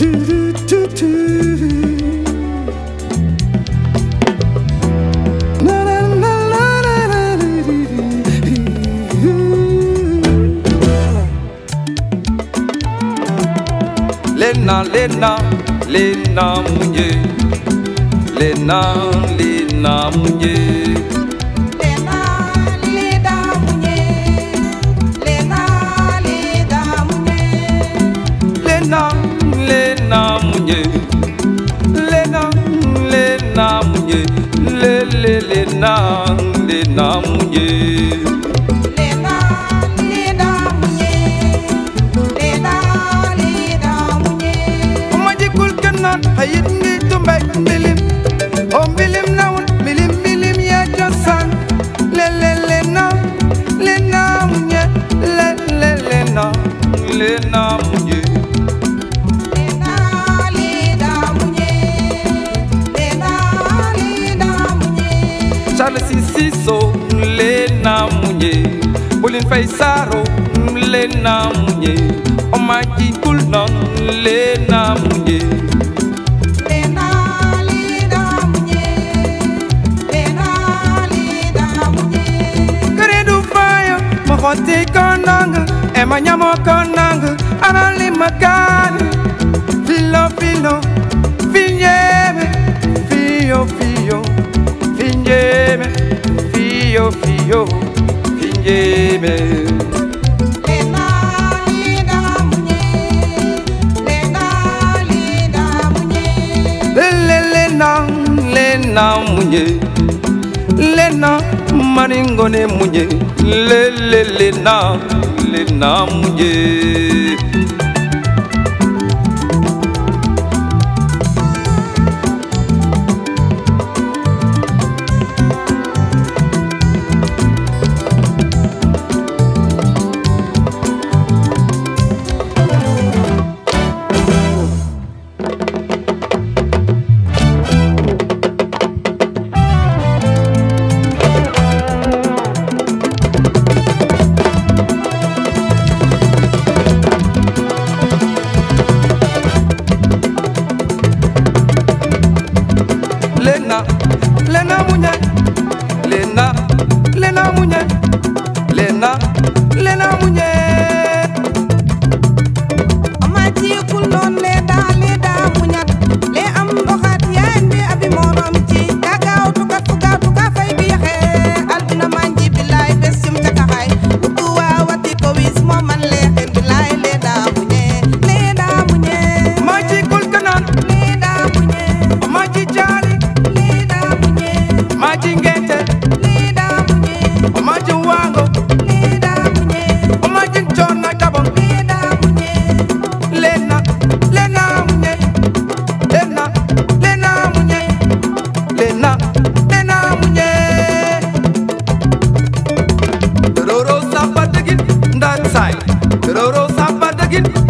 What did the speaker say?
Lena, Lena, Lena, Lena, Lena, Lena, muñe le nam, le nam, muñe le le le nam, le nam. siso le na munye bolin fay saro le na munye o ma ji kul non le na munye Kote konanga, ema nyamo konanga fiyo fiyo finjeme Lena munye, Lena maningone munye, le le Lena, Lena munye. Lena Muñay Lena Lena Muñay Lena Lena Muñay it.